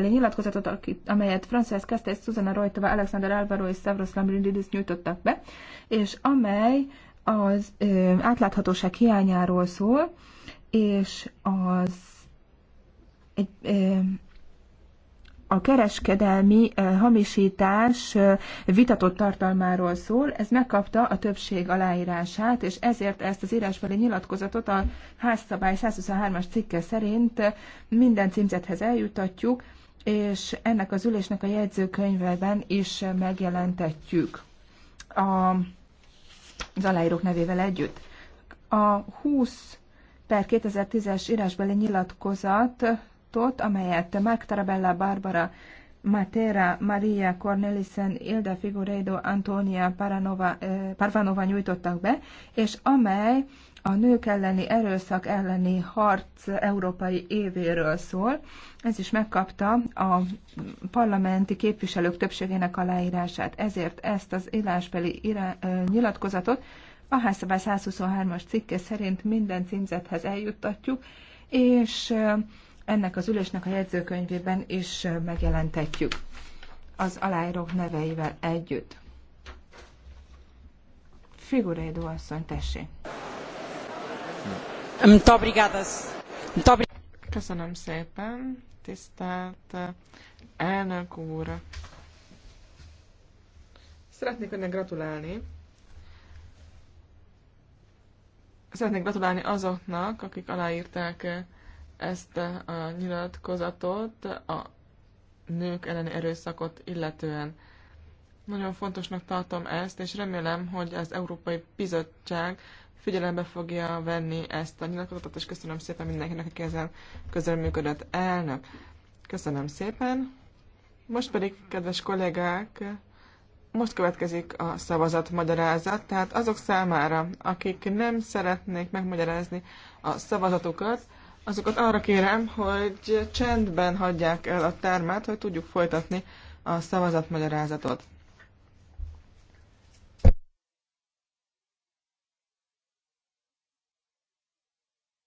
nyilatkozatot, amelyet Franciás Kestes, Susanna Rojtova, Alexander Álvaro és Stavros Lambrinidis nyújtottak be, és amely az ö, átláthatóság hiányáról szól, és az egy, ö, a kereskedelmi ö, hamisítás ö, vitatott tartalmáról szól. Ez megkapta a többség aláírását, és ezért ezt az írásbeli nyilatkozatot a házszabály 123-as cikke szerint minden címzethez eljutatjuk, és ennek az ülésnek a jegyzőkönyvben is megjelentetjük a, az aláírók nevével együtt. A 20 per 2010-es írásbeli nyilatkozatot, amelyet Mark Tarabella Barbara Matera, Maria Cornelissen, Ilda Figueiredo, Antonia Paranova, eh, Parvanova nyújtottak be, és amely a nők elleni erőszak elleni harc európai évéről szól. Ez is megkapta a parlamenti képviselők többségének aláírását. Ezért ezt az írásbeli irá, eh, nyilatkozatot a házszabály 123-as cikke szerint minden címzethez eljuttatjuk, és eh, ennek az ülésnek a jegyzőkönyvében is megjelentetjük az aláírók neveivel együtt. Figurédó asszony, tessék! Köszönöm szépen, tisztelt elnök úr! Szeretnék önnek gratulálni. Szeretnék gratulálni azoknak, akik aláírták ezt a nyilatkozatot a nők elleni erőszakot illetően. Nagyon fontosnak tartom ezt, és remélem, hogy az Európai Bizottság figyelembe fogja venni ezt a nyilatkozatot, és köszönöm szépen mindenkinek, aki ezzel működött elnök. Köszönöm szépen. Most pedig, kedves kollégák, most következik a szavazat magyarázat, tehát azok számára, akik nem szeretnék megmagyarázni a szavazatukat, azokat arra kérem, hogy csendben hagyják el a termet, hogy tudjuk folytatni a szavazatmagyarázatot.